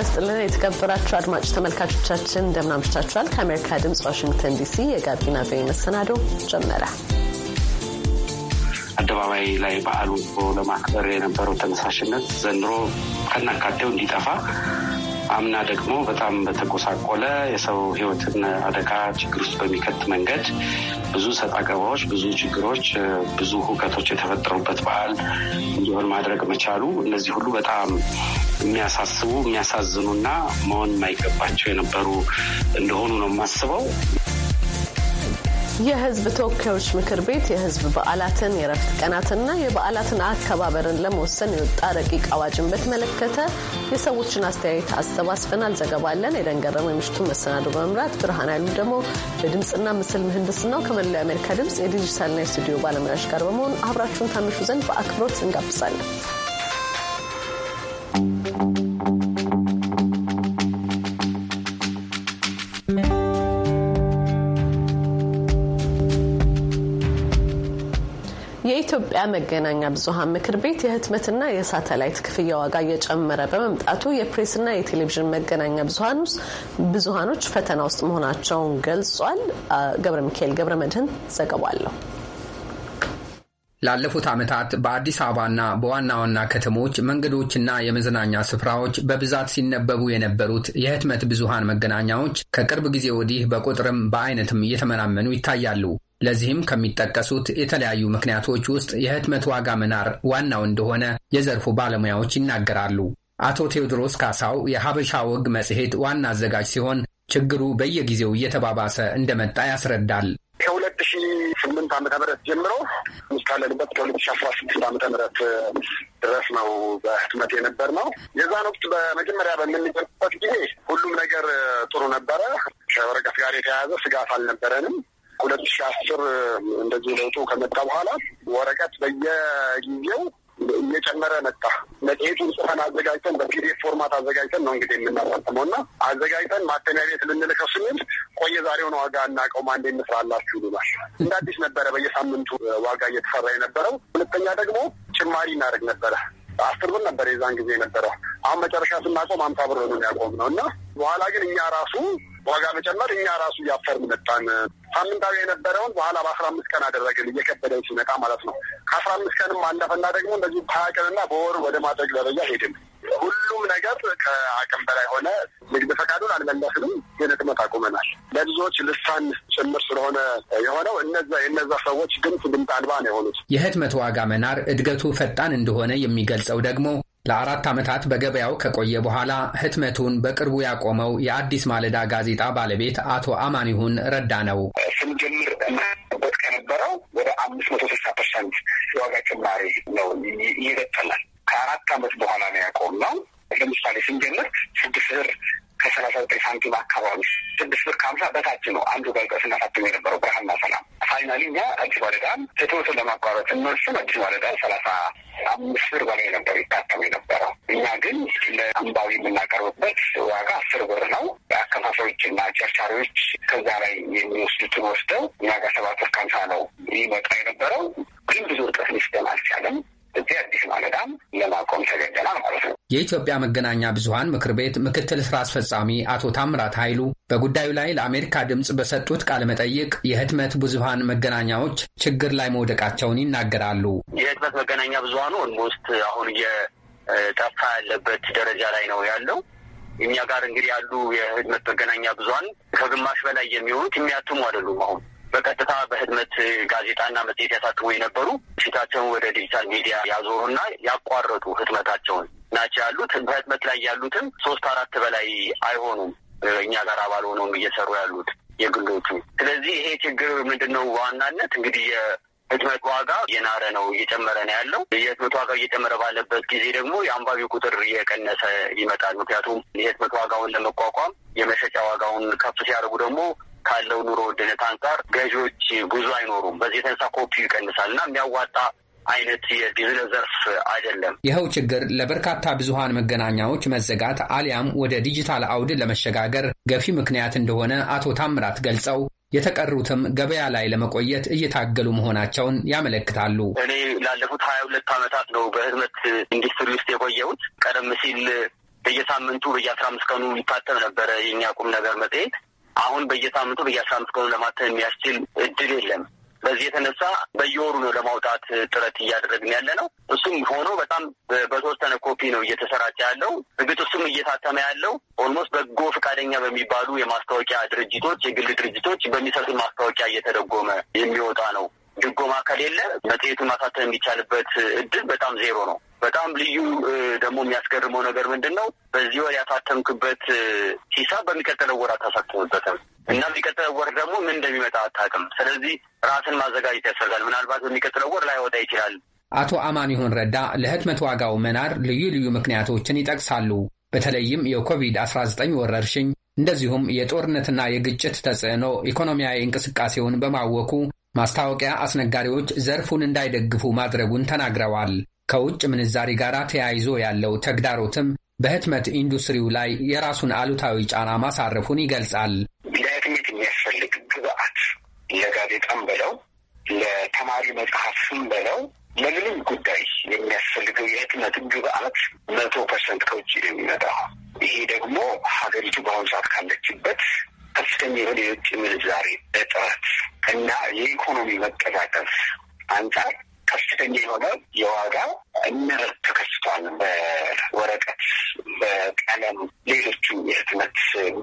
ጤና ስጥልን የተከበራችሁ አድማጭ ተመልካቾቻችን እንደምናምሽታችኋል። ከአሜሪካ ድምፅ ዋሽንግተን ዲሲ የጋቢና ቪኦኤ መሰናዶ ጀመረ። አደባባይ ላይ በዓሉ ለማክበር የነበረው ተነሳሽነት ዘንድሮ ከናካቴው እንዲጠፋ አምና ደግሞ በጣም በተጎሳቆለ የሰው ሕይወትን አደጋ ችግር ውስጥ በሚከት መንገድ ብዙ ሰጣ ገባዎች፣ ብዙ ችግሮች፣ ብዙ ሁከቶች የተፈጠሩበት በዓል እንዲሆን ማድረግ መቻሉ እነዚህ ሁሉ በጣም የሚያሳስቡ የሚያሳዝኑና መሆን የማይገባቸው የነበሩ እንደሆኑ ነው የማስበው። የህዝብ ተወካዮች ምክር ቤት የህዝብ በዓላትን የረፍት ቀናትና የበዓላትን አከባበርን ለመወሰን የወጣ ረቂቅ አዋጅን በተመለከተ የሰዎችን አስተያየት አሰባስበናል። ዘገባ አለን። የደን ገረመው የምሽቱን መሰናዶ በመምራት ብርሃን ያሉ ደግሞ በድምፅና ምስል ምህንድስናው ከመላው የአሜሪካ ድምፅ የዲጂታልና የስቱዲዮ ባለሙያዎች ጋር በመሆን አብራችሁን ታምሹ ዘንድ በአክብሮት እንጋብዛለን። የኢትዮጵያ መገናኛ ብዙኃን ምክር ቤት የህትመትና የሳተላይት ክፍያ ዋጋ እየጨመረ በመምጣቱ የፕሬስና የቴሌቪዥን መገናኛ ብዙኃን ውስጥ ብዙኃኖች ፈተና ውስጥ መሆናቸውን ገልጿል። ገብረ ሚካኤል ገብረ መድህን ዘገባለሁ። ላለፉት ዓመታት በአዲስ አበባና በዋና ዋና ከተሞች መንገዶችና የመዝናኛ ስፍራዎች በብዛት ሲነበቡ የነበሩት የህትመት ብዙሃን መገናኛዎች ከቅርብ ጊዜ ወዲህ በቁጥርም በአይነትም እየተመናመኑ ይታያሉ። ለዚህም ከሚጠቀሱት የተለያዩ ምክንያቶች ውስጥ የህትመት ዋጋ መናር ዋናው እንደሆነ የዘርፉ ባለሙያዎች ይናገራሉ። አቶ ቴዎድሮስ ካሳው የሀበሻ ወግ መጽሔት ዋና አዘጋጅ ሲሆን ችግሩ በየጊዜው እየተባባሰ እንደመጣ ያስረዳል። ከሁለት ሺ ስምንት ዓመተ ምህረት ጀምሮ እስካለንበት ከሁለት ሺ አስራ ስድስት ዓመተ ምህረት ድረስ ነው በህትመት የነበር ነው። የዛን ወቅት በመጀመሪያ በምንጀምርበት ጊዜ ሁሉም ነገር ጥሩ ነበረ። ከወረቀት ጋር የተያያዘ ስጋት አልነበረንም። ሁለት ሺ አስር እንደዚህ ለውጡ ከመጣ በኋላ ወረቀት በየጊዜው እየጨመረ መጣ። መጽሔቱን ጽፈን አዘጋጅተን በፒዲኤፍ ፎርማት አዘጋጅተን ነው እንግዲህ የምናሳተመው እና አዘጋጅተን ማተሚያ ቤት ልንልከው ስንል ቆየ ዛሬውን ዋጋ እናቀውም አንዴ እንስራላችሁ ይሉናል። እንደ አዲስ ነበረ በየሳምንቱ ዋጋ እየተሰራ የነበረው። ሁለተኛ ደግሞ ጭማሪ እናደርግ ነበረ። አስር ብር ነበር የዛን ጊዜ የነበረው። አሁን መጨረሻ ስናቆም አምሳ ብር ነው ያቆም ነው እና በኋላ ግን እኛ ራሱ ዋጋ መጨመር እኛ ራሱ እያፈርን መጣን። ሳምንታዊ የነበረውን በኋላ በአስራ አምስት ቀን አደረግን እየከበደን ሲመጣ ማለት ነው። ከአስራ አምስት ቀንም አለፈና ደግሞ እንደዚሁ ሀያ ቀንና በወር ወደ ማድረግ ደረጃ ሄድን። ሁሉም ነገር ከአቅም በላይ ሆነ። ንግድ ፈቃዱን አልመለስንም፣ ግን ህትመት አቁመናል። ለብዙዎች ልሳን ጭምር ስለሆነ የሆነው እነዛ የነዛ ሰዎች ድምፅ ድምፅ አልባ ነው የሆኑት። የህትመት ዋጋ መናር እድገቱ ፈጣን እንደሆነ የሚገልጸው ደግሞ ለአራት ዓመታት በገበያው ከቆየ በኋላ ህትመቱን በቅርቡ ያቆመው የአዲስ ማለዳ ጋዜጣ ባለቤት አቶ አማኒሁን ረዳ ነው። ስንጀምር በት ከነበረው ወደ አምስት መቶ ስልሳ ፐርሰንት የዋጋ ጭማሪ ነው ይበጠላል። ከአራት ዓመት በኋላ ነው ያቆም ነው። ለምሳሌ ስንጀምር ስድስት ብር ከሰላሳ ዘጠኝ ሳንቲም አካባቢ ስድስት ብር ከሀምሳ በታች ነው አንዱ ጋዜጣ ስናሳትም የነበረው ብርሃንና ሰላም። ፋይናሊ እኛ አዲስ ማለዳን ትትወትን ለማቋረጥ እነሱም አዲስ ማለዳ ሰላሳ አምስት ብር በላይ ነበር ይታተም የነበረው። እኛ ግን ለአንባቢ የምናቀርብበት ዋጋ አስር ብር ነው። አከፋፋዮችና ጨርቻሪዎች ከዛ ላይ የሚወስዱትን ወስደው እኛ ጋር ሰባት ብር ከሀምሳ ነው ይመጣ የነበረው። ግን ብዙ እርቀት ሊስደን አልቻለም። እዚህ አዲስ ማለዳም ለማቆም ተገደላ ማለት ነው። የኢትዮጵያ መገናኛ ብዙሀን ምክር ቤት ምክትል ስራ አስፈጻሚ አቶ ታምራት ኃይሉ በጉዳዩ ላይ ለአሜሪካ ድምፅ በሰጡት ቃለ መጠይቅ የህትመት ብዙሀን መገናኛዎች ችግር ላይ መውደቃቸውን ይናገራሉ። የህትመት መገናኛ ብዙሀኑ ኦልሞስት አሁን እየጠፋ ያለበት ደረጃ ላይ ነው ያለው። እኛ ጋር እንግዲህ ያሉ የህትመት መገናኛ ብዙሀን ከግማሽ በላይ የሚሆኑት የሚያትሙ አይደሉም አሁን በቀጥታ በህትመት ጋዜጣና መጽሔት ያሳትሙ የነበሩ ፊታቸውን ወደ ዲጂታል ሚዲያ ያዞሩና ያቋረጡ ህትመታቸውን ናቸው ያሉት። በህትመት ላይ ያሉትም ሶስት አራት በላይ አይሆኑም እኛ ጋር አባል ሆነውም እየሰሩ ያሉት የግሎቹ። ስለዚህ ይሄ ችግር ምንድን ነው? በዋናነት እንግዲህ የህትመት ዋጋ እየናረ ነው፣ እየጨመረ ነው ያለው። የህትመት ዋጋ እየጨመረ ባለበት ጊዜ ደግሞ የአንባቢ ቁጥር እየቀነሰ ይመጣል። ምክንያቱም የህትመት ዋጋውን ለመቋቋም የመሸጫ ዋጋውን ከፍ ሲያደርጉ ደግሞ ካለው ኑሮ ውድነት አንጻር ገዢዎች ጉዞ አይኖሩም። በዚህ የተነሳ ኮፒው ይቀንሳል እና የሚያዋጣ አይነት የቢዝነስ ዘርፍ አይደለም። ይኸው ችግር ለበርካታ ብዙሃን መገናኛዎች መዘጋት አሊያም ወደ ዲጂታል አውድ ለመሸጋገር ገፊ ምክንያት እንደሆነ አቶ ታምራት ገልጸው የተቀሩትም ገበያ ላይ ለመቆየት እየታገሉ መሆናቸውን ያመለክታሉ። እኔ ላለፉት ሀያ ሁለት ዓመታት ነው በህትመት ኢንዱስትሪ ውስጥ የቆየሁት። ቀደም ሲል በየሳምንቱ በየአስራ አምስት ቀኑ ይታተም ነበረ የኛ ቁም ነገር መጽሔት አሁን በየሳምንቱ በየአስራ አምስት ቀኑ ለማተም የሚያስችል እድል የለም። በዚህ የተነሳ በየወሩ ነው ለማውጣት ጥረት እያደረግን ያለ ነው። እሱም ሆኖ በጣም በተወሰነ ኮፒ ነው እየተሰራጨ ያለው። እርግጥ እሱም እየታተመ ያለው ኦልሞስት በጎ ፈቃደኛ በሚባሉ የማስታወቂያ ድርጅቶች፣ የግል ድርጅቶች በሚሰጡ ማስታወቂያ እየተደጎመ የሚወጣ ነው። ድጎማ ከሌለ መጽሔቱን ማሳተም የሚቻልበት እድል በጣም ዜሮ ነው። በጣም ልዩ ደግሞ የሚያስገርመው ነገር ምንድን ነው? በዚህ ወር ያሳተምክበት ሂሳብ በሚቀጥለው ወር አታሳትምበትም እና የሚቀጥለው ወር ደግሞ ምን እንደሚመጣ አታውቅም። ስለዚህ ራስን ማዘጋጀት ያስፈልጋል። ምናልባት በሚቀጥለው ወር ላይወጣ ይችላል። አቶ አማን ይሁን ረዳ ለህትመት ዋጋው መናር ልዩ ልዩ ምክንያቶችን ይጠቅሳሉ። በተለይም የኮቪድ-19 ወረርሽኝ እንደዚሁም የጦርነትና የግጭት ተጽዕኖ ኢኮኖሚያዊ እንቅስቃሴውን በማወኩ ማስታወቂያ አስነጋሪዎች ዘርፉን እንዳይደግፉ ማድረጉን ተናግረዋል። ከውጭ ምንዛሪ ጋር ተያይዞ ያለው ተግዳሮትም በህትመት ኢንዱስትሪው ላይ የራሱን አሉታዊ ጫና ማሳረፉን ይገልጻል። ለህትመት የሚያስፈልግ ግብአት ለጋዜጣም በለው ለተማሪ መጽሐፍም በለው ለምንም ጉዳይ የሚያስፈልገው የህትመት ግብአት መቶ ፐርሰንት ከውጭ ነው የሚመጣው። ይሄ ደግሞ ሀገሪቱ በአሁኑ ሰዓት ካለችበት ከፍተኛ የሆነ የውጭ ምንዛሬ እጥረት እና የኢኮኖሚ መቀዛቀዝ አንጻር ከፍተኛ የሆነ የዋጋ ንረት ተከስቷል። በወረቀት፣ በቀለም፣ ሌሎቹ የህትመት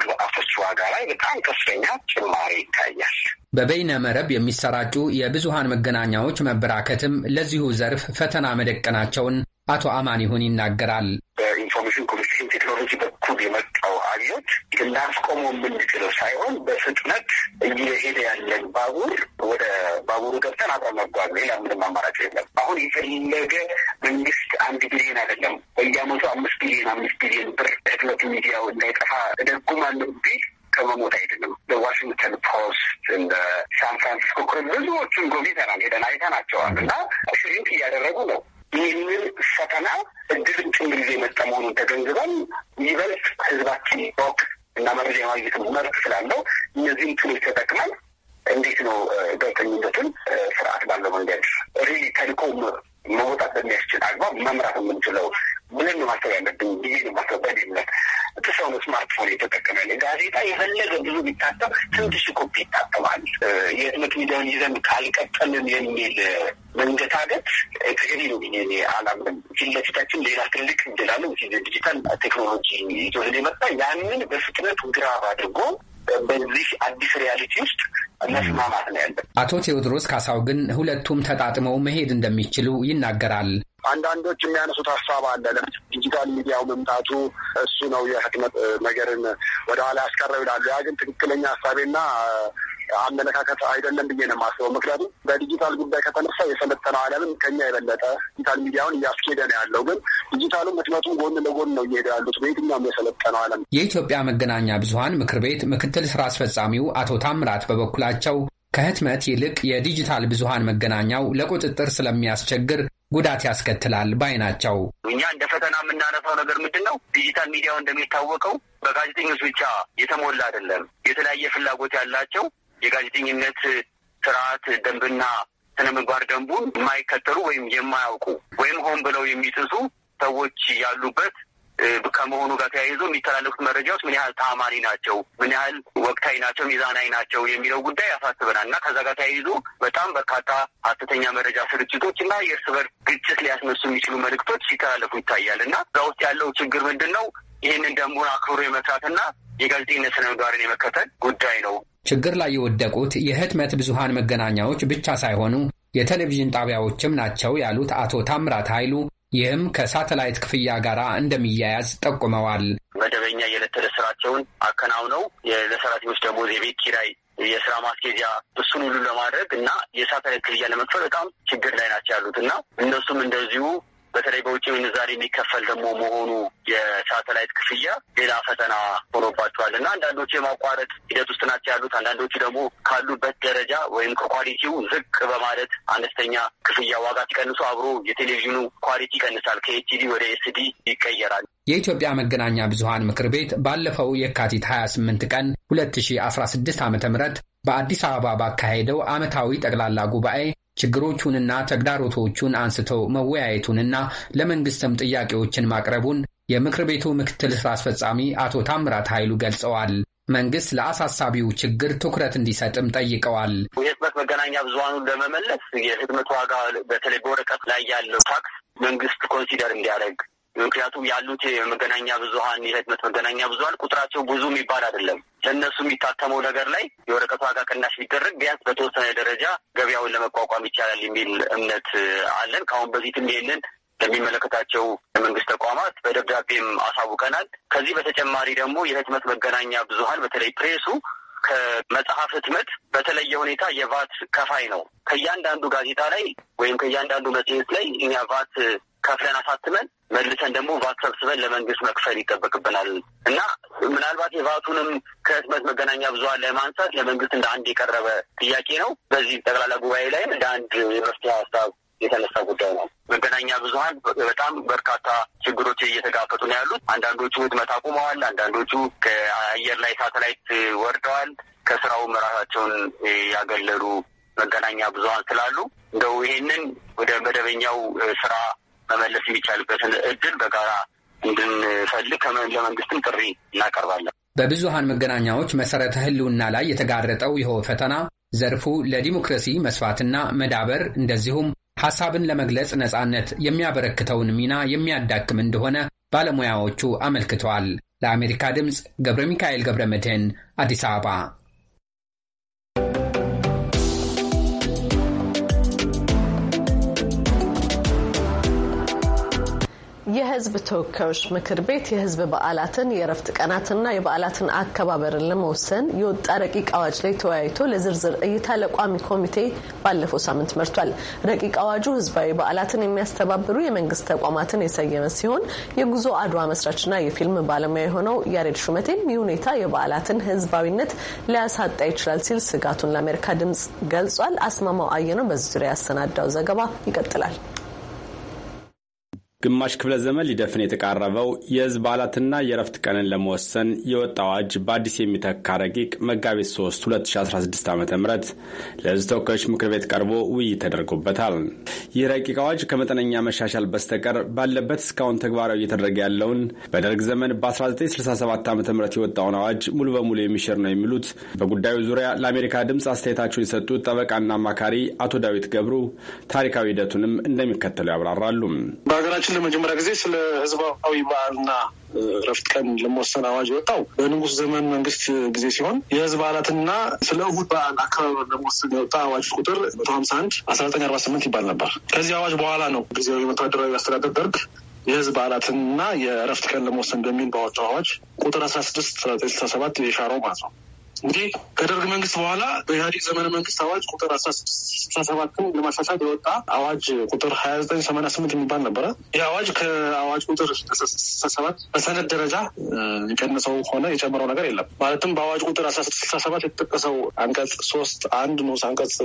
ግብአቶች ዋጋ ላይ በጣም ከፍተኛ ጭማሪ ይታያል። በበይነ መረብ የሚሰራጩ የብዙሃን መገናኛዎች መበራከትም ለዚሁ ዘርፍ ፈተና መደቀናቸውን አቶ አማን ይሁን ይናገራል። በኢንፎርሜሽን ኮሚኒኬሽን ቴክኖሎጂ በኩል የመጣው አብዮት ልናስቆመው የምንችለው ሳይሆን በፍጥነት እየሄደ ያለን ባቡር ወደ ባቡሩ ገብተን አብረን መጓዝ ሌላ ምንም አማራጭ የለም። አሁን የፈለገ መንግስት አንድ ቢሊዮን አይደለም በየአመቱ አምስት ቢሊዮን አምስት ቢሊዮን ብር ህትመት ሚዲያው እንዳይጠፋ እደጉማለሁ ቢል ከመሞት አይደለም። በዋሽንግተን ፖስት እንደ ሳን ፍራንሲስኮ ብዙዎቹን ጎብኝተናል፣ ሄደን አይተናቸዋል እና ሽሪንክ እያደረጉ ነው ይህንን ፈተና እድልም ጭምር ጊዜ የመጣ መሆኑን ተገንዝበን ይበልጥ ህዝባችን ወቅ እና መረጃ የማግኘት መብት ስላለው እነዚህም ትሎች ተጠቅመን እንዴት ነው ጋዜጠኝነቱን ስርዓት ባለው መንገድ ሪሊ ተልኮ መወጣት በሚያስችል አግባብ መምራት የምንችለው ብለን ማሰብ ያለብን ጊዜ ነው ማሰብ ጋ ሌለት ስማርትፎን የተጠቀመ ጋዜጣ የፈለገ ብዙ ቢታተም ትንሽ ኮፒ ይታተማል። የህትመት ሚዲያውን ይዘን ካልቀጠልን የሚል መንገታገት ተገቢ ነው ብዬ አላምንም። ፊት ለፊታችን ሌላ ትልቅ እንድላለ ዲጂታል ቴክኖሎጂ ይዞ ስለመጣ ያንን በፍጥነት ግራብ አድርጎ በዚህ አዲስ ሪያሊቲ ውስጥ መስማማት ነው ያለን። አቶ ቴዎድሮስ ካሳው ግን ሁለቱም ተጣጥመው መሄድ እንደሚችሉ ይናገራል። አንዳንዶች የሚያነሱት ሀሳብ አለ። ዲጂታል ሚዲያው መምጣቱ እሱ ነው የህትመት ነገርን ወደኋላ ያስቀረው ይላሉ። ያ ግን ትክክለኛ ሀሳቤና አመለካከት አይደለም ብዬ ነው የማስበው። ምክንያቱም በዲጂታል ጉዳይ ከተነሳ የሰለጠነው ዓለምን ከኛ የበለጠ ዲጂታል ሚዲያውን እያስኬደ ነው ያለው። ግን ዲጂታሉም ህትመቱም ጎን ለጎን ነው እየሄደ ያሉት በየትኛውም የሰለጠነው ዓለም። የኢትዮጵያ መገናኛ ብዙኃን ምክር ቤት ምክትል ስራ አስፈጻሚው አቶ ታምራት በበኩላቸው ከህትመት ይልቅ የዲጂታል ብዙሃን መገናኛው ለቁጥጥር ስለሚያስቸግር ጉዳት ያስከትላል ባይ ናቸው። እኛ እንደ ፈተና የምናነሳው ነገር ምንድን ነው? ዲጂታል ሚዲያው እንደሚታወቀው በጋዜጠኞች ብቻ የተሞላ አይደለም። የተለያየ ፍላጎት ያላቸው የጋዜጠኝነት ስርዓት ደንብና ስነ ምግባር ደንቡን የማይከተሉ ወይም የማያውቁ ወይም ሆን ብለው የሚጥሱ ሰዎች ያሉበት ከመሆኑ ጋር ተያይዞ የሚተላለፉት መረጃዎች ምን ያህል ታማኒ ናቸው፣ ምን ያህል ወቅታዊ ናቸው፣ ሚዛናዊ ናቸው የሚለው ጉዳይ ያሳስበናል እና ከዛ ጋር ተያይዞ በጣም በርካታ አተተኛ መረጃ ስርጭቶች እና የእርስ በርስ ግጭት ሊያስነሱ የሚችሉ መልእክቶች ሲተላለፉ ይታያል እና እዛ ውስጥ ያለው ችግር ምንድን ነው? ይህንን ደንቡን አክብሮ የመስራትና የጋዜጠኝነት ስነ ምግባርን የመከተል ጉዳይ ነው። ችግር ላይ የወደቁት የህትመት ብዙሃን መገናኛዎች ብቻ ሳይሆኑ የቴሌቪዥን ጣቢያዎችም ናቸው ያሉት አቶ ታምራት ኃይሉ ይህም ከሳተላይት ክፍያ ጋር እንደሚያያዝ ጠቁመዋል። መደበኛ የዕለት ተዕለት ስራቸውን አከናውነው ለሰራተኞች ደግሞ የቤት ኪራይ፣ የስራ ማስኬጃ እሱን ሁሉ ለማድረግ እና የሳተላይት ክፍያ ለመክፈል በጣም ችግር ላይ ናቸው ያሉት እና እነሱም እንደዚሁ በተለይ በውጭ ምንዛሪ የሚከፈል ደግሞ መሆኑ የሳተላይት ክፍያ ሌላ ፈተና ሆኖባቸዋል እና አንዳንዶቹ የማቋረጥ ሂደት ውስጥ ናቸው ያሉት። አንዳንዶቹ ደግሞ ካሉበት ደረጃ ወይም ከኳሊቲው ዝቅ በማለት አነስተኛ ክፍያ ዋጋ ሲቀንሱ አብሮ የቴሌቪዥኑ ኳሊቲ ይቀንሳል፣ ከኤችዲ ወደ ኤስዲ ይቀየራል። የኢትዮጵያ መገናኛ ብዙሃን ምክር ቤት ባለፈው የካቲት 28 ቀን 2016 ዓ ም በአዲስ አበባ ባካሄደው ዓመታዊ ጠቅላላ ጉባኤ ችግሮቹንና ተግዳሮቶቹን አንስተው መወያየቱንና ለመንግስትም ጥያቄዎችን ማቅረቡን የምክር ቤቱ ምክትል ስራ አስፈጻሚ አቶ ታምራት ኃይሉ ገልጸዋል። መንግስት ለአሳሳቢው ችግር ትኩረት እንዲሰጥም ጠይቀዋል። የህትመት መገናኛ ብዙሀኑን ለመመለስ የህትመት ዋጋ በተለይ በወረቀት ላይ ያለው ታክስ መንግስት ኮንሲደር እንዲያደርግ ምክንያቱም ያሉት የመገናኛ ብዙሀን የህትመት መገናኛ ብዙሀን ቁጥራቸው ብዙ የሚባል አይደለም። ለእነሱ የሚታተመው ነገር ላይ የወረቀት ዋጋ ቅናሽ ቢደረግ ቢያንስ በተወሰነ ደረጃ ገበያውን ለመቋቋም ይቻላል የሚል እምነት አለን። ከአሁን በፊትም ይሄንን ለሚመለከታቸው የመንግስት ተቋማት በደብዳቤም አሳውቀናል። ከዚህ በተጨማሪ ደግሞ የህትመት መገናኛ ብዙሀን በተለይ ፕሬሱ ከመጽሐፍ ህትመት በተለየ ሁኔታ የቫት ከፋይ ነው። ከእያንዳንዱ ጋዜጣ ላይ ወይም ከእያንዳንዱ መጽሔት ላይ እኛ ቫት ከፍለን አሳትመን መልሰን ደግሞ ቫት ሰብስበን ለመንግስት መክፈል ይጠበቅብናል እና ምናልባት የቫቱንም ከህትመት መገናኛ ብዙሃን ላይ ማንሳት ለመንግስት እንደ አንድ የቀረበ ጥያቄ ነው። በዚህ ጠቅላላ ጉባኤ ላይም እንደ አንድ የመፍትሄ ሀሳብ የተነሳ ጉዳይ ነው። መገናኛ ብዙሀን በጣም በርካታ ችግሮች እየተጋፈጡ ነው ያሉት። አንዳንዶቹ ህትመት አቁመዋል። አንዳንዶቹ ከአየር ላይ ሳተላይት ወርደዋል። ከስራውም ራሳቸውን ያገለሉ መገናኛ ብዙሀን ስላሉ እንደው ይሄንን ወደ መደበኛው ስራ መመለስ የሚቻልበትን እድል በጋራ እንድንፈልግ ለመንግስትም ጥሪ እናቀርባለን። በብዙሃን መገናኛዎች መሰረተ ህልውና ላይ የተጋረጠው ይኸው ፈተና ዘርፉ ለዲሞክራሲ መስፋትና መዳበር እንደዚሁም ሐሳብን ለመግለጽ ነጻነት የሚያበረክተውን ሚና የሚያዳክም እንደሆነ ባለሙያዎቹ አመልክተዋል። ለአሜሪካ ድምፅ ገብረ ሚካኤል ገብረ መድህን አዲስ አበባ የህዝብ ተወካዮች ምክር ቤት የህዝብ በዓላትን የእረፍት ቀናትና የበዓላትን አከባበርን ለመወሰን የወጣ ረቂቅ አዋጅ ላይ ተወያይቶ ለዝርዝር እይታ ለቋሚ ኮሚቴ ባለፈው ሳምንት መርቷል። ረቂቅ አዋጁ ህዝባዊ በዓላትን የሚያስተባብሩ የመንግስት ተቋማትን የሰየመ ሲሆን የጉዞ አድዋ መስራችና የፊልም ባለሙያ የሆነው ያሬድ ሹመቴም ይህ ሁኔታ የበዓላትን ህዝባዊነት ሊያሳጣ ይችላል ሲል ስጋቱን ለአሜሪካ ድምጽ ገልጿል። አስማማው አየነው በዚህ ዙሪያ ያሰናዳው ዘገባ ይቀጥላል። ግማሽ ክፍለ ዘመን ሊደፍን የተቃረበው የህዝብ በዓላትና የእረፍት ቀንን ለመወሰን የወጣው አዋጅ በአዲስ የሚተካ ረቂቅ መጋቢት 3 2016 ዓ ም ለህዝብ ተወካዮች ምክር ቤት ቀርቦ ውይይት ተደርጎበታል። ይህ ረቂቅ አዋጅ ከመጠነኛ መሻሻል በስተቀር ባለበት እስካሁን ተግባራዊ እየተደረገ ያለውን በደርግ ዘመን በ1967 ዓ ም የወጣውን አዋጅ ሙሉ በሙሉ የሚሽር ነው የሚሉት በጉዳዩ ዙሪያ ለአሜሪካ ድምፅ አስተያየታቸውን የሰጡት ጠበቃና አማካሪ አቶ ዳዊት ገብሩ ታሪካዊ ሂደቱንም እንደሚከተለው ያብራራሉ። በሀገራችን ለመጀመሪያ ጊዜ ስለ ህዝባዊ በዓልና እረፍት ቀን ለመወሰን አዋጅ የወጣው በንጉስ ዘመን መንግስት ጊዜ ሲሆን የህዝብ በዓላትና ስለ እሁድ በዓል አከባበር ለመወሰን የወጣ አዋጅ ቁጥር መቶ ሀምሳ አንድ አስራ ዘጠኝ አርባ ስምንት ይባል ነበር። ከዚህ አዋጅ በኋላ ነው ጊዜያዊ ወታደራዊ አስተዳደር ደርግ የህዝብ በዓላትንና የእረፍት ቀን ለመወሰን በሚል ባወጣው አዋጅ ቁጥር አስራ ስድስት ዘጠኝ ስልሳ ሰባት የሻረው ማለት ነው። እንግዲህ ከደርግ መንግስት በኋላ በኢህአዴግ ዘመነ መንግስት አዋጅ ቁጥር አስራ ስድስት ሰባትን ለማሻሻል የወጣ አዋጅ ቁጥር ሀያ ዘጠኝ ሰማንያ ስምንት የሚባል ነበረ። ይህ አዋጅ ከአዋጅ ቁጥር ስልሳ ሰባት በሰነድ ደረጃ የቀነሰው ሆነ የጨመረው ነገር የለም። ማለትም በአዋጅ ቁጥር አስራ ስድስት ስልሳ ሰባት የተጠቀሰው አንቀጽ ሶስት አንድ ንዑስ አንቀጽ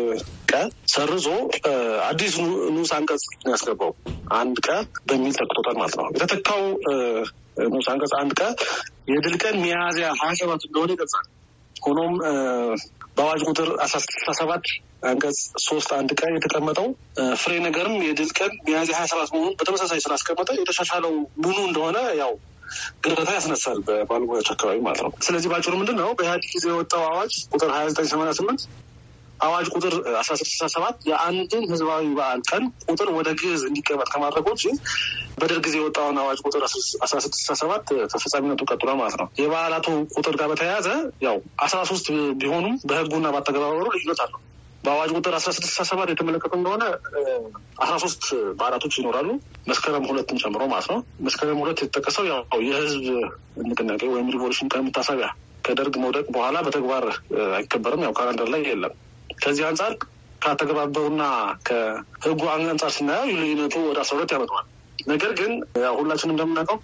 ቀ ሰርዞ አዲስ ንዑስ አንቀጽ ያስገባው አንድ ቀ በሚል ተክቶታል ማለት ነው። የተተካው ንዑስ አንቀጽ አንድ ቀ የድል ቀን ሚያዝያ ሀያ ሰባት እንደሆነ ይገልጻል። ሆኖም በአዋጅ ቁጥር አስራ ሰባት አንቀጽ ሶስት አንድ ቀን የተቀመጠው ፍሬ ነገርም የድል ቀን ሚያዝያ ሀያ ሰባት መሆኑን በተመሳሳይ ስላስቀመጠ የተሻሻለው ምኑ እንደሆነ ያው ግርታ ያስነሳል በባለሙያዎች አካባቢ ማለት ነው። ስለዚህ ባጭሩ ምንድን ነው በኢህአዴግ ጊዜ የወጣው አዋጅ ቁጥር ሀያ ዘጠኝ ሰማንያ ስምንት አዋጅ ቁጥር አስራ ስድስት ሰባት የአንድን ህዝባዊ በዓል ቀን ቁጥር ወደ ግዕዝ እንዲቀመጥ ከማድረግ ውጭ በደርግ ጊዜ የወጣውን አዋጅ ቁጥር አስራ ስድስት ሰባት ተፈጻሚነቱ ቀጥሎ ማለት ነው። የበዓላቱ ቁጥር ጋር በተያያዘ ያው አስራ ሶስት ቢሆኑም በህጉና በአተገባበሩ ልዩነት አለው። በአዋጅ ቁጥር አስራ ስድስት ሰባት የተመለከቱ እንደሆነ አስራ ሶስት በዓላቶች ይኖራሉ መስከረም ሁለትን ጨምሮ ማለት ነው። መስከረም ሁለት የተጠቀሰው ያው የህዝብ ንቅናቄ ወይም ሪቮሉሽን ቀን መታሰቢያ ከደርግ መውደቅ በኋላ በተግባር አይከበርም። ያው ካላንደር ላይ የለም። ከዚህ አንጻር ከአተገባበሩና ከህጉ አንጻር ስናየው ልዩነቱ ወደ አስራ ሁለት ያመጣዋል። ነገር ግን ሁላችንም እንደምናውቀው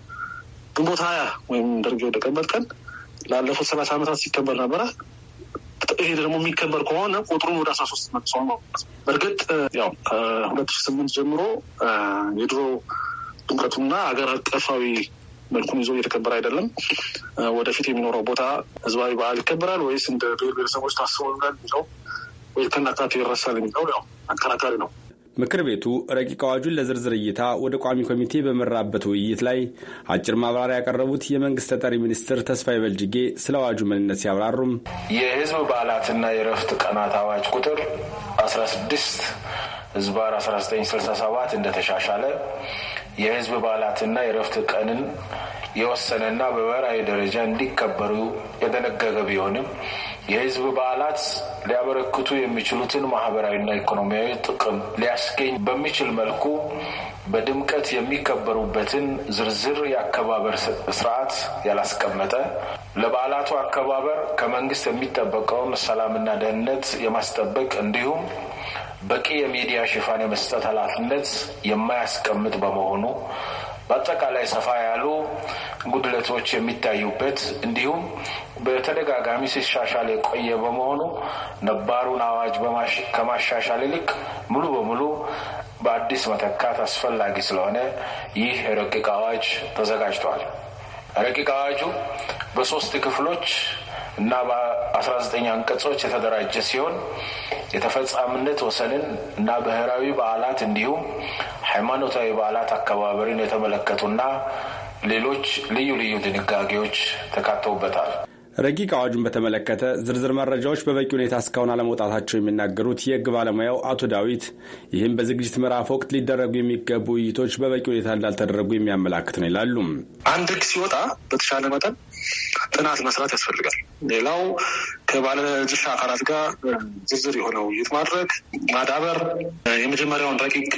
ግንቦት ሀያ ወይም ደርግ የወደቀበት ቀን ላለፉት ሰላሳ ዓመታት ሲከበር ነበረ። ይሄ ደግሞ የሚከበር ከሆነ ቁጥሩን ወደ አስራ ሶስት መልሶ ነው። በእርግጥ ያው ከሁለት ሺ ስምንት ጀምሮ የድሮ ድምቀቱና ሀገር አቀፋዊ መልኩን ይዞ እየተከበረ አይደለም። ወደፊት የሚኖረው ቦታ ህዝባዊ በዓል ይከበራል ወይስ እንደ ብሔር ብሔረሰቦች ታስቦ ይሆናል የሚለው ወይ ይረሳል የሚለው ያው አከራካሪ ነው። ምክር ቤቱ ረቂቅ አዋጁን ለዝርዝር እይታ ወደ ቋሚ ኮሚቴ በመራበት ውይይት ላይ አጭር ማብራሪያ ያቀረቡት የመንግስት ተጠሪ ሚኒስትር ተስፋዬ በልጅጌ ስለ አዋጁ ምንነት ሲያብራሩም የህዝብ በዓላትና የእረፍት ቀናት አዋጅ ቁጥር 16 ህዝባር 1967 እንደተሻሻለ የህዝብ በዓላትና የእረፍት ቀንን የወሰነና በብሔራዊ ደረጃ እንዲከበሩ የደነገገ ቢሆንም የህዝብ በዓላት ሊያበረክቱ የሚችሉትን ማህበራዊና ኢኮኖሚያዊ ጥቅም ሊያስገኝ በሚችል መልኩ በድምቀት የሚከበሩበትን ዝርዝር የአከባበር ስርዓት ያላስቀመጠ ለበዓላቱ አከባበር ከመንግስት የሚጠበቀውን ሰላምና ደህንነት የማስጠበቅ እንዲሁም በቂ የሚዲያ ሽፋን የመስጠት ኃላፊነት የማያስቀምጥ በመሆኑ በአጠቃላይ ሰፋ ያሉ ጉድለቶች የሚታዩበት እንዲሁም በተደጋጋሚ ሲሻሻል የቆየ በመሆኑ ነባሩን አዋጅ ከማሻሻል ይልቅ ሙሉ በሙሉ በአዲስ መተካት አስፈላጊ ስለሆነ ይህ ረቂቅ አዋጅ ተዘጋጅቷል። ረቂቅ አዋጁ በሶስት ክፍሎች እና በ19 አንቀጾች የተደራጀ ሲሆን የተፈጻሚነት ወሰንን እና ብሔራዊ በዓላት እንዲሁም ሃይማኖታዊ በዓላት አከባበሪን የተመለከቱና ሌሎች ልዩ ልዩ ድንጋጌዎች ተካተውበታል። ረቂቅ አዋጁን በተመለከተ ዝርዝር መረጃዎች በበቂ ሁኔታ እስካሁን አለመውጣታቸው የሚናገሩት የሕግ ባለሙያው አቶ ዳዊት ይህም በዝግጅት ምዕራፍ ወቅት ሊደረጉ የሚገቡ ውይይቶች በበቂ ሁኔታ እንዳልተደረጉ የሚያመላክት ነው ይላሉ። አንድ ሕግ ሲወጣ በተሻለ መጠን ጥናት መስራት ያስፈልጋል። ሌላው ከባለድርሻ አካላት ጋር ዝርዝር የሆነ ውይይት ማድረግ፣ ማዳበር፣ የመጀመሪያውን ረቂቅ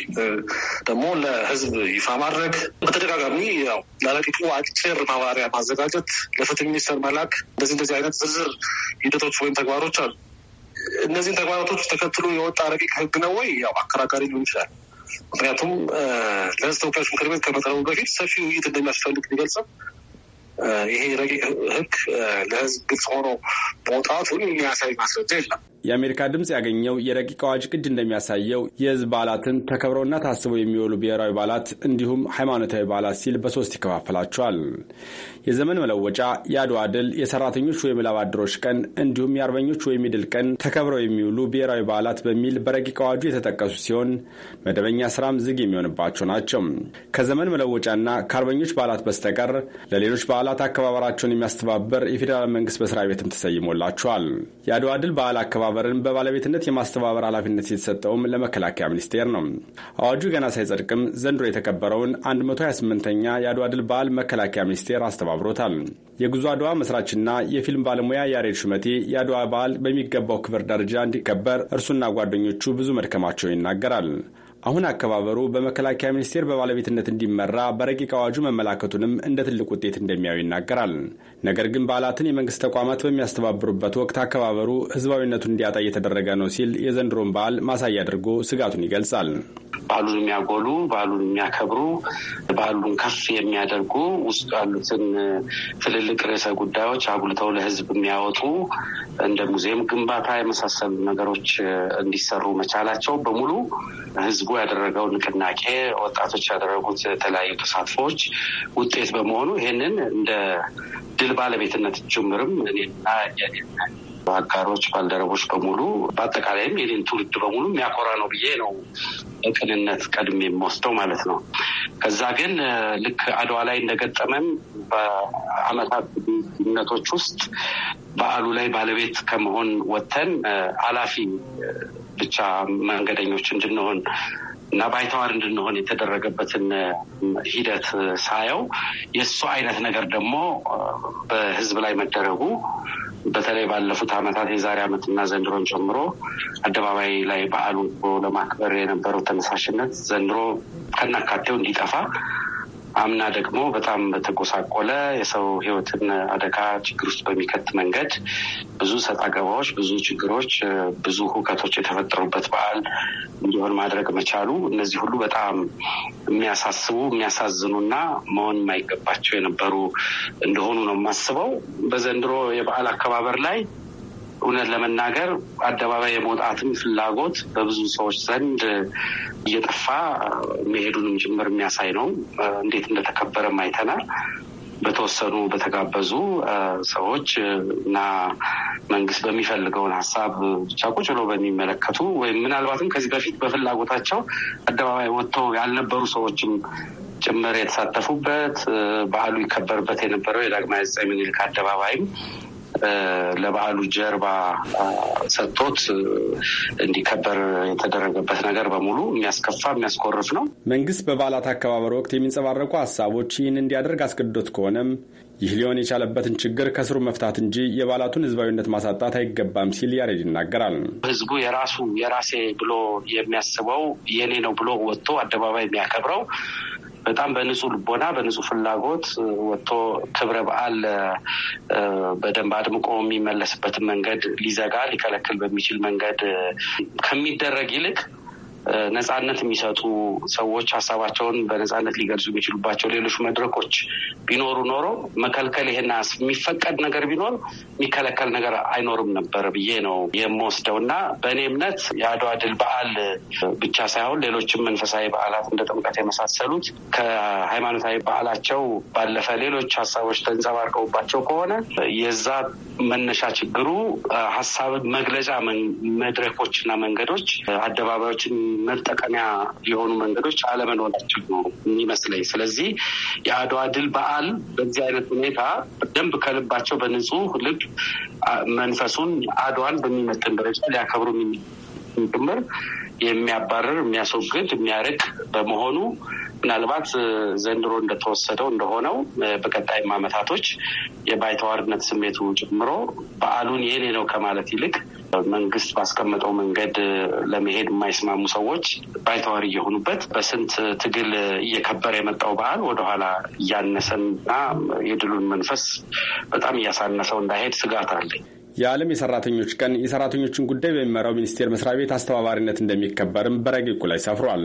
ደግሞ ለህዝብ ይፋ ማድረግ፣ በተደጋጋሚ ያው ለረቂቁ አጭር ማብራሪያ ማዘጋጀት፣ ለፍትህ ሚኒስቴር መላክ፣ እንደዚህ እንደዚህ አይነት ዝርዝር ሂደቶች ወይም ተግባሮች አሉ። እነዚህን ተግባራቶች ተከትሎ የወጣ ረቂቅ ህግ ነው ወይ? ያው አከራካሪ ሊሆን ይችላል። ምክንያቱም ለህዝብ ተወካዮች ምክር ቤት ከመቅረቡ በፊት ሰፊ ውይይት እንደሚያስፈልግ ሊገልጽም ይሄ ረቂቅ ህግ ለህዝብ ግልጽ ሆኖ መውጣቱን የሚያሳይ ማስረጃ የለም። የአሜሪካ ድምፅ ያገኘው የረቂቅ አዋጅ ቅጅ እንደሚያሳየው የህዝብ በዓላትን ተከብረውና ታስበው የሚውሉ ብሔራዊ በዓላት እንዲሁም ሃይማኖታዊ በዓላት ሲል በሶስት ይከፋፈላቸዋል። የዘመን መለወጫ፣ የአድዋ ድል፣ የሰራተኞች ወይም ላብ ቀን እንዲሁም የአርበኞች ወይም የድል ቀን ተከብረው የሚውሉ ብሔራዊ በዓላት በሚል በረቂቅ አዋጁ የተጠቀሱ ሲሆን መደበኛ ስራም ዝግ የሚሆንባቸው ናቸው። ከዘመን መለወጫና ከአርበኞች በዓላት በስተቀር ለሌሎች በዓላት አከባበራቸውን የሚያስተባበር የፌዴራል መንግስት በስራ ቤትም ተሰይሞላቸዋል። የአድዋ ድል በዓል አከባ ማስተባበርን በባለቤትነት የማስተባበር ኃላፊነት የተሰጠውም ለመከላከያ ሚኒስቴር ነው። አዋጁ ገና ሳይጸድቅም ዘንድሮ የተከበረውን 128ኛ የአድዋ ድል በዓል መከላከያ ሚኒስቴር አስተባብሮታል። የጉዞ አድዋ መስራችና የፊልም ባለሙያ ያሬድ ሹመቴ የአድዋ በዓል በሚገባው ክብር ደረጃ እንዲከበር እርሱና ጓደኞቹ ብዙ መድከማቸው ይናገራል። አሁን አከባበሩ በመከላከያ ሚኒስቴር በባለቤትነት እንዲመራ በረቂቅ አዋጁ መመላከቱንም እንደ ትልቅ ውጤት እንደሚያዩ ይናገራል። ነገር ግን በዓላትን የመንግስት ተቋማት በሚያስተባብሩበት ወቅት አከባበሩ ህዝባዊነቱን እንዲያጣ እየተደረገ ነው ሲል የዘንድሮን በዓል ማሳያ አድርጎ ስጋቱን ይገልጻል። ባህሉን የሚያጎሉ፣ ባህሉን የሚያከብሩ፣ ባህሉን ከፍ የሚያደርጉ ውስጥ ያሉትን ትልልቅ ርዕሰ ጉዳዮች አጉልተው ለህዝብ የሚያወጡ እንደ ሙዚየም ግንባታ የመሳሰሉ ነገሮች እንዲሰሩ መቻላቸው በሙሉ ህዝቡ በጎ ያደረገው ንቅናቄ ወጣቶች ያደረጉት የተለያዩ ተሳትፎዎች ውጤት በመሆኑ ይህንን እንደ ድል ባለቤትነት ጭምርም እኔና አጋሮች ባልደረቦች በሙሉ በአጠቃላይም የኔን ትውልድ በሙሉ የሚያኮራ ነው ብዬ ነው በቅንነት ቀድሜ የምወስደው ማለት ነው። ከዛ ግን ልክ አድዋ ላይ እንደገጠመን በአመታት ነቶች ውስጥ በዓሉ ላይ ባለቤት ከመሆን ወጥተን አላፊ ብቻ መንገደኞች እንድንሆን እና ባይተዋር እንድንሆን የተደረገበትን ሂደት ሳየው የእሱ አይነት ነገር ደግሞ በህዝብ ላይ መደረጉ በተለይ ባለፉት አመታት የዛሬ አመትና ዘንድሮን ጨምሮ አደባባይ ላይ በዓሉ ለማክበር የነበረው ተነሳሽነት ዘንድሮ ከናካቴው እንዲጠፋ አምና ደግሞ በጣም በተጎሳቆለ የሰው ህይወትን አደጋ ችግር ውስጥ በሚከት መንገድ ብዙ ሰጣ ገባዎች፣ ብዙ ችግሮች፣ ብዙ ሁከቶች የተፈጠሩበት በዓል እንዲሆን ማድረግ መቻሉ እነዚህ ሁሉ በጣም የሚያሳስቡ የሚያሳዝኑና መሆን የማይገባቸው የነበሩ እንደሆኑ ነው የማስበው። በዘንድሮ የበዓል አከባበር ላይ እውነት ለመናገር አደባባይ የመውጣትም ፍላጎት በብዙ ሰዎች ዘንድ እየጠፋ መሄዱንም ጭምር የሚያሳይ ነው። እንዴት እንደተከበረም አይተናል። በተወሰኑ በተጋበዙ ሰዎች እና መንግስት በሚፈልገውን ሀሳብ ብቻ ቁጭ በሚመለከቱ ወይም ምናልባትም ከዚህ በፊት በፍላጎታቸው አደባባይ ወጥተው ያልነበሩ ሰዎችም ጭምር የተሳተፉበት በዓሉ ይከበርበት የነበረው የዳግማዊ አፄ ምኒልክ አደባባይም ለበዓሉ ጀርባ ሰጥቶት እንዲከበር የተደረገበት ነገር በሙሉ የሚያስከፋ የሚያስኮርፍ ነው። መንግስት በበዓላት አከባበር ወቅት የሚንጸባረቁ ሀሳቦች ይህን እንዲያደርግ አስገድዶት ከሆነም ይህ ሊሆን የቻለበትን ችግር ከስሩ መፍታት እንጂ የበዓላቱን ህዝባዊነት ማሳጣት አይገባም ሲል ያሬድ ይናገራል። ህዝቡ የራሱ የራሴ ብሎ የሚያስበው የኔ ነው ብሎ ወጥቶ አደባባይ የሚያከብረው በጣም በንጹህ ልቦና በንጹህ ፍላጎት ወጥቶ ክብረ በዓል በደንብ አድምቆ የሚመለስበትን መንገድ ሊዘጋ ሊከለክል በሚችል መንገድ ከሚደረግ ይልቅ ነጻነት የሚሰጡ ሰዎች ሀሳባቸውን በነጻነት ሊገልጹ የሚችሉባቸው ሌሎች መድረኮች ቢኖሩ ኖሮ መከልከል ይሄን የሚፈቀድ ነገር ቢኖር የሚከለከል ነገር አይኖርም ነበር ብዬ ነው የምወስደው እና በእኔ እምነት የአድዋ ድል በዓል ብቻ ሳይሆን ሌሎችም መንፈሳዊ በዓላት እንደ ጥምቀት የመሳሰሉት ከሃይማኖታዊ በዓላቸው ባለፈ ሌሎች ሀሳቦች ተንጸባርቀውባቸው ከሆነ የዛ መነሻ ችግሩ ሀሳብ መግለጫ እና መንገዶች አደባባዮችን መጠቀሚያ የሆኑ መንገዶች አለመኖራቸው ነው የሚመስለኝ። ስለዚህ የአድዋ ድል በዓል በዚህ አይነት ሁኔታ በደንብ ከልባቸው በንጹህ ልብ መንፈሱን አድዋን በሚመጥን ደረጃ ሊያከብሩ ጭምር የሚያባርር የሚያስወግድ የሚያርቅ በመሆኑ ምናልባት ዘንድሮ እንደተወሰደው እንደሆነው በቀጣይም ዓመታቶች የባይተዋርነት ስሜቱ ጨምሮ በዓሉን የኔ ነው ከማለት ይልቅ መንግስት ባስቀመጠው መንገድ ለመሄድ የማይስማሙ ሰዎች ባይተዋር እየሆኑበት በስንት ትግል እየከበረ የመጣው በዓል ወደኋላ እያነሰና የድሉን መንፈስ በጣም እያሳነሰው እንዳይሄድ ስጋት አለኝ። የዓለም የሰራተኞች ቀን የሰራተኞችን ጉዳይ በሚመራው ሚኒስቴር መስሪያ ቤት አስተባባሪነት እንደሚከበርም በረቂቁ ላይ ሰፍሯል።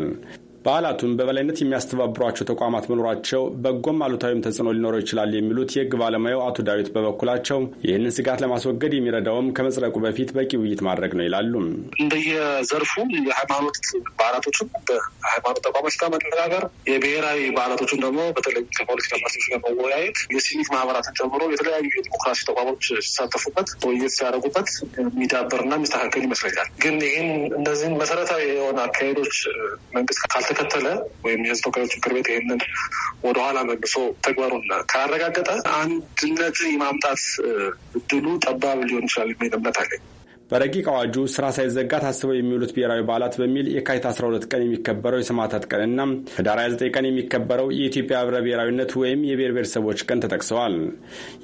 በዓላቱን በበላይነት የሚያስተባብሯቸው ተቋማት መኖራቸው በጎም አሉታዊም ተጽዕኖ ሊኖረው ይችላል የሚሉት የህግ ባለሙያው አቶ ዳዊት በበኩላቸው ይህንን ስጋት ለማስወገድ የሚረዳውም ከመጽረቁ በፊት በቂ ውይይት ማድረግ ነው ይላሉ። እንደየዘርፉ የሃይማኖት በዓላቶችን በሃይማኖት ተቋሞች ጋር መነጋገር፣ የብሔራዊ በዓላቶችን ደግሞ በተለይ ከፖለቲካ ፓርቲዎች ጋር መወያየት፣ የሲቪክ ማህበራትን ጨምሮ የተለያዩ የዲሞክራሲ ተቋሞች ሲሳተፉበት ውይይት ሲያደርጉበት የሚዳበርና የሚስተካከል ይመስለኛል። ግን ይህን እነዚህን መሰረታዊ የሆነ አካሄዶች መንግስት ካልተ ከተከተለ ወይም የህዝብ ተወካዮች ምክር ቤት ይህንን ወደኋላ መልሶ ተግባሩን ካረጋገጠ አንድነትን የማምጣት እድሉ ጠባብ ሊሆን ይችላል የሚል እምነት አለኝ። በረቂቅ አዋጁ ስራ ሳይዘጋ ታስበው የሚውሉት ብሔራዊ በዓላት በሚል የካቲት 12 ቀን የሚከበረው የሰማዕታት ቀንና ህዳር 29 ቀን የሚከበረው የኢትዮጵያ ህብረ ብሔራዊነት ወይም የብሔር ብሔረሰቦች ቀን ተጠቅሰዋል።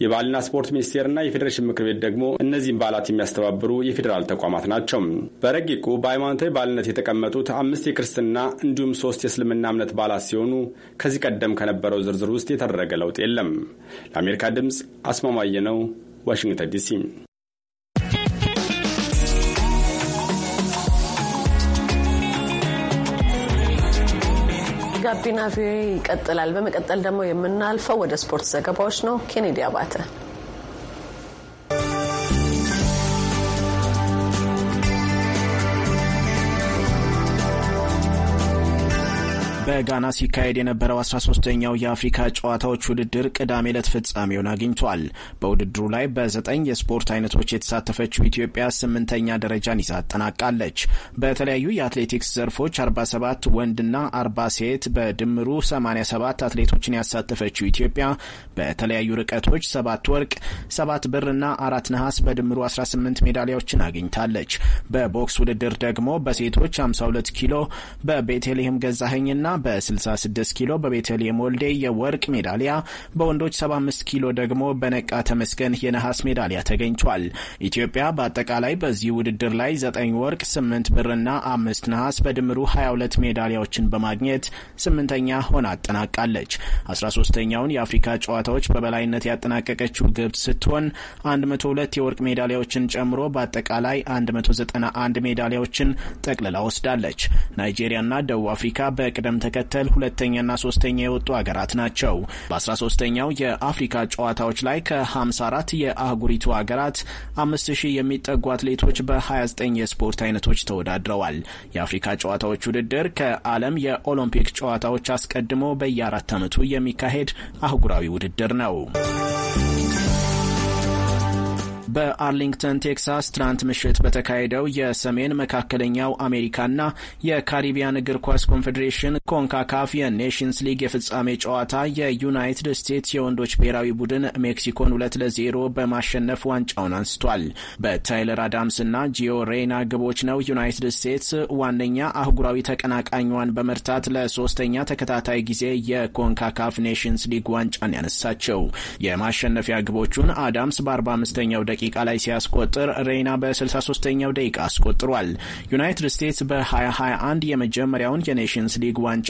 የባህልና ስፖርት ሚኒስቴርና የፌዴሬሽን ምክር ቤት ደግሞ እነዚህን በዓላት የሚያስተባብሩ የፌዴራል ተቋማት ናቸው። በረቂቁ በሃይማኖታዊ በዓልነት የተቀመጡት አምስት የክርስትና እንዲሁም ሶስት የእስልምና እምነት በዓላት ሲሆኑ ከዚህ ቀደም ከነበረው ዝርዝር ውስጥ የተደረገ ለውጥ የለም። ለአሜሪካ ድምፅ አስማማየ ነው፣ ዋሽንግተን ዲሲ። ጋቢና ቪኦኤ ይቀጥላል። በመቀጠል ደግሞ የምናልፈው ወደ ስፖርት ዘገባዎች ነው። ኬኔዲ አባተ በጋና ሲካሄድ የነበረው 13ኛው የአፍሪካ ጨዋታዎች ውድድር ቅዳሜ ዕለት ፍጻሜውን አግኝቷል። በውድድሩ ላይ በዘጠኝ የስፖርት አይነቶች የተሳተፈችው ኢትዮጵያ ስምንተኛ ደረጃን ይዛ አጠናቃለች። በተለያዩ የአትሌቲክስ ዘርፎች 47 ወንድና 40 ሴት በድምሩ 87 አትሌቶችን ያሳተፈችው ኢትዮጵያ በተለያዩ ርቀቶች ሰባት ወርቅ፣ ሰባት ብርና አራት ነሐስ በድምሩ 18 ሜዳሊያዎችን አግኝታለች። በቦክስ ውድድር ደግሞ በሴቶች 52 ኪሎ በቤተልሔም ገዛኸኝና በ66 ኪሎ በቤተልሔም ወልዴ የወርቅ ሜዳሊያ በወንዶች 75 ኪሎ ደግሞ በነቃ ተመስገን የነሐስ ሜዳሊያ ተገኝቷል። ኢትዮጵያ በአጠቃላይ በዚህ ውድድር ላይ 9 ወርቅ፣ 8 ብርና አምስት ነሐስ በድምሩ 22 ሜዳሊያዎችን በማግኘት ስምንተኛ ሆና አጠናቃለች። 13ኛውን የአፍሪካ ጨዋታዎች በበላይነት ያጠናቀቀችው ግብጽ ስትሆን 102 የወርቅ ሜዳሊያዎችን ጨምሮ በአጠቃላይ 191 ሜዳሊያዎችን ጠቅልላ ወስዳለች። ናይጄሪያና ደቡብ አፍሪካ በቅደም ቅደም ተከተል ሁለተኛና ሶስተኛ የወጡ ሀገራት ናቸው። በ13ኛው የአፍሪካ ጨዋታዎች ላይ ከ54 የአህጉሪቱ ሀገራት 5000 የሚጠጉ አትሌቶች በ29 የስፖርት አይነቶች ተወዳድረዋል። የአፍሪካ ጨዋታዎች ውድድር ከዓለም የኦሎምፒክ ጨዋታዎች አስቀድሞ በየአራት ዓመቱ የሚካሄድ አህጉራዊ ውድድር ነው። በአርሊንግተን ቴክሳስ ትናንት ምሽት በተካሄደው የሰሜን መካከለኛው አሜሪካና የካሪቢያን እግር ኳስ ኮንፌዴሬሽን ኮንካካፍ የኔሽንስ ሊግ የፍጻሜ ጨዋታ የዩናይትድ ስቴትስ የወንዶች ብሔራዊ ቡድን ሜክሲኮን ሁለት ለዜሮ በማሸነፍ ዋንጫውን አንስቷል። በታይለር አዳምስና ጂዮ ሬና ግቦች ነው ዩናይትድ ስቴትስ ዋነኛ አህጉራዊ ተቀናቃኟን በመርታት ለሶስተኛ ተከታታይ ጊዜ የኮንካካፍ ኔሽንስ ሊግ ዋንጫን ያነሳቸው። የማሸነፊያ ግቦቹን አዳምስ በ45ኛው ደቂ ደቂቃ ላይ ሲያስቆጥር ሬይና በ63ኛው ደቂቃ አስቆጥሯል። ዩናይትድ ስቴትስ በ2021 የመጀመሪያውን የኔሽንስ ሊግ ዋንጫ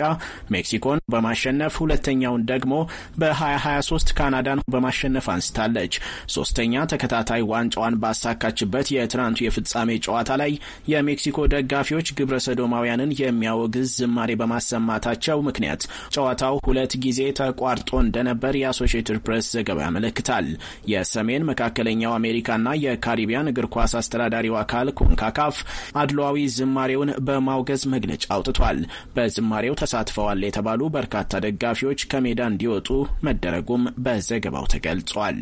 ሜክሲኮን በማሸነፍ ሁለተኛውን ደግሞ በ2023 ካናዳን በማሸነፍ አንስታለች። ሶስተኛ ተከታታይ ዋንጫዋን ባሳካችበት የትናንቱ የፍጻሜ ጨዋታ ላይ የሜክሲኮ ደጋፊዎች ግብረ ሰዶማውያንን የሚያወግዝ ዝማሬ በማሰማታቸው ምክንያት ጨዋታው ሁለት ጊዜ ተቋርጦ እንደነበር የአሶሺየትድ ፕሬስ ዘገባ ያመለክታል። የሰሜን መካከለኛው አሜሪካ የአፍሪካና የካሪቢያን እግር ኳስ አስተዳዳሪው አካል ኮንካካፍ አድሏዊ ዝማሬውን በማውገዝ መግለጫ አውጥቷል። በዝማሬው ተሳትፈዋል የተባሉ በርካታ ደጋፊዎች ከሜዳ እንዲወጡ መደረጉም በዘገባው ተገልጿል።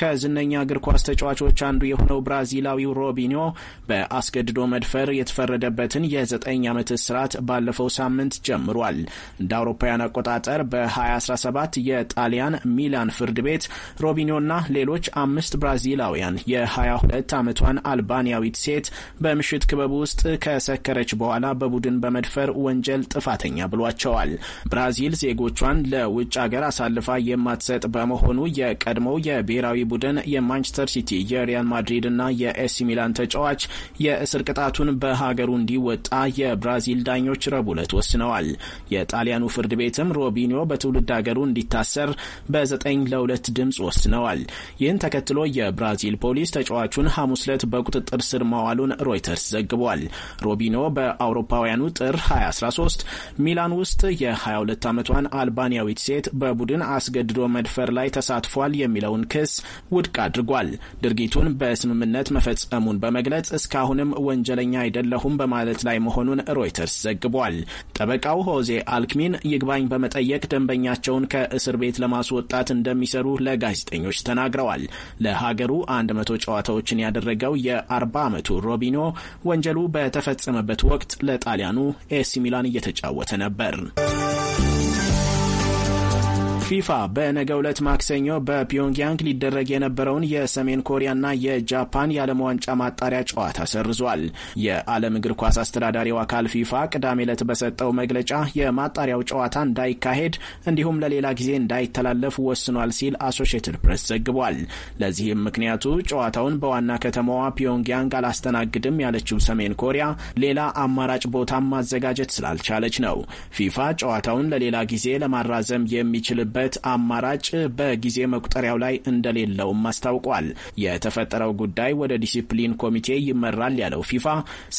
ከዝነኛ እግር ኳስ ተጫዋቾች አንዱ የሆነው ብራዚላዊው ሮቢኒዮ በአስገድዶ መድፈር የተፈረደበትን የዘጠኝ ዓመት እስራት ባለፈው ሳምንት ጀምሯል። እንደ አውሮፓውያን አቆጣጠር በ2017 የጣሊያን ሚላን ፍርድ ቤት ሮቢኒዮና ሌሎች አምስት ብራዚላውያን የ22 ዓመቷን አልባንያዊት ሴት በምሽት ክበብ ውስጥ ከሰከረች በኋላ በቡድን በመድፈር ወንጀል ጥፋተኛ ብሏቸዋል። ብራዚል ዜጎቿን ለውጭ አገር አሳልፋ የማትሰጥ በመሆኑ የቀድሞው የብሔራዊ ቡድን የማንቸስተር ሲቲ፣ የሪያል ማድሪድ እና የኤሲ ሚላን ተጫዋች የእስር ቅጣቱን በሀገሩ እንዲወጣ የብራዚል ዳኞች ረቡዕ ዕለት ወስነዋል። የጣሊያኑ ፍርድ ቤትም ሮቢኒዮ በትውልድ ሀገሩ እንዲታሰር በዘጠኝ ለሁለት ድምፅ ወስነዋል። ይህን ተከትሎ የብራዚል ፖሊስ ተጫዋቹን ሐሙስ ዕለት በቁጥጥር ስር ማዋሉን ሮይተርስ ዘግቧል። ሮቢኖ በአውሮፓውያኑ ጥር 2013 ሚላን ውስጥ የ22 ዓመቷን አልባንያዊት ሴት በቡድን አስገድዶ መድፈር ላይ ተሳትፏል የሚለውን ክስ ውድቅ አድርጓል። ድርጊቱን በስምምነት መፈጸሙን በመግለጽ እስካሁንም ወንጀለኛ አይደለሁም በማለት ላይ መሆኑን ሮይተርስ ዘግቧል። ጠበቃው ሆዜ አልክሚን ይግባኝ በመጠየቅ ደንበኛቸውን ከእስር ቤት ለማስወጣት እንደሚሰሩ ለጋዜጠኞች ተናግረዋል። ለሀገሩ 100 ጨዋታዎችን ያደረገው የ40 ዓመቱ ሮቢኖ ወንጀሉ በተፈጸመበት ወቅት ለጣሊያኑ ኤሲ ሚላን እየተጫወተ ነበር። ፊፋ በነገ ዕለት ማክሰኞ በፒዮንግያንግ ሊደረግ የነበረውን የሰሜን ኮሪያና የጃፓን የዓለም ዋንጫ ማጣሪያ ጨዋታ ሰርዟል። የዓለም እግር ኳስ አስተዳዳሪው አካል ፊፋ ቅዳሜ ዕለት በሰጠው መግለጫ የማጣሪያው ጨዋታ እንዳይካሄድ እንዲሁም ለሌላ ጊዜ እንዳይተላለፍ ወስኗል ሲል አሶሽትድ ፕሬስ ዘግቧል። ለዚህም ምክንያቱ ጨዋታውን በዋና ከተማዋ ፒዮንግያንግ አላስተናግድም ያለችው ሰሜን ኮሪያ ሌላ አማራጭ ቦታም ማዘጋጀት ስላልቻለች ነው። ፊፋ ጨዋታውን ለሌላ ጊዜ ለማራዘም የሚችልበት የሚሰራበት አማራጭ በጊዜ መቁጠሪያው ላይ እንደሌለውም አስታውቋል። የተፈጠረው ጉዳይ ወደ ዲሲፕሊን ኮሚቴ ይመራል ያለው ፊፋ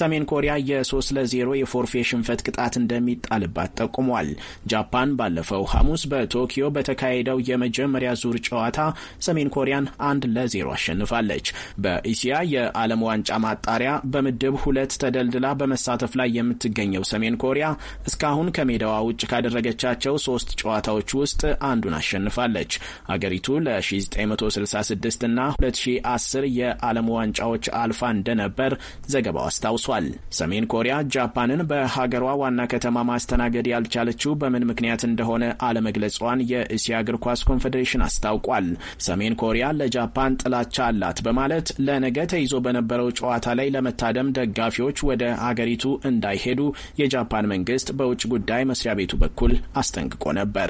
ሰሜን ኮሪያ የ ለ ለዜሮ የፎርፌ ሽንፈት ቅጣት እንደሚጣልባት ጠቁሟል። ጃፓን ባለፈው ሐሙስ በቶኪዮ በተካሄደው የመጀመሪያ ዙር ጨዋታ ሰሜን ኮሪያን አንድ ለዜሮ አሸንፋለች። በኢሲያ የዓለም ዋንጫ ማጣሪያ በምድብ ሁለት ተደልድላ በመሳተፍ ላይ የምትገኘው ሰሜን ኮሪያ እስካሁን ከሜዳዋ ውጭ ካደረገቻቸው ሶስት ጨዋታዎች ውስጥ አንዱን አሸንፋለች። አገሪቱ ለ1966 እና 2010 የዓለም ዋንጫዎች አልፋ እንደነበር ዘገባው አስታውሷል። ሰሜን ኮሪያ ጃፓንን በሀገሯ ዋና ከተማ ማስተናገድ ያልቻለችው በምን ምክንያት እንደሆነ አለመግለጿን የእስያ እግር ኳስ ኮንፌዴሬሽን አስታውቋል። ሰሜን ኮሪያ ለጃፓን ጥላቻ አላት በማለት ለነገ ተይዞ በነበረው ጨዋታ ላይ ለመታደም ደጋፊዎች ወደ አገሪቱ እንዳይሄዱ የጃፓን መንግስት በውጭ ጉዳይ መስሪያ ቤቱ በኩል አስጠንቅቆ ነበር።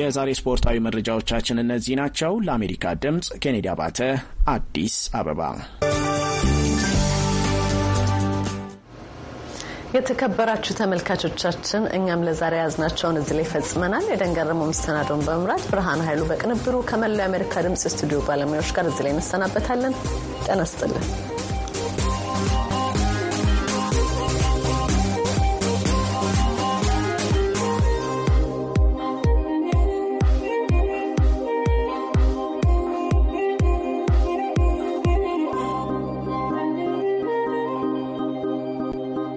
የዛሬ ስፖርታዊ መረጃዎቻችን እነዚህ ናቸው። ለአሜሪካ ድምፅ ኬኔዲ አባተ፣ አዲስ አበባ። የተከበራችሁ ተመልካቾቻችን እኛም ለዛሬ ያዝናቸውን እዚህ ላይ ፈጽመናል። የደንገረመው መሰናዶውን በመምራት ብርሃን ኃይሉ በቅንብሩ ከመላው የአሜሪካ ድምፅ ስቱዲዮ ባለሙያዎች ጋር እዚህ ላይ እንሰናበታለን። ጤና ይስጥልን።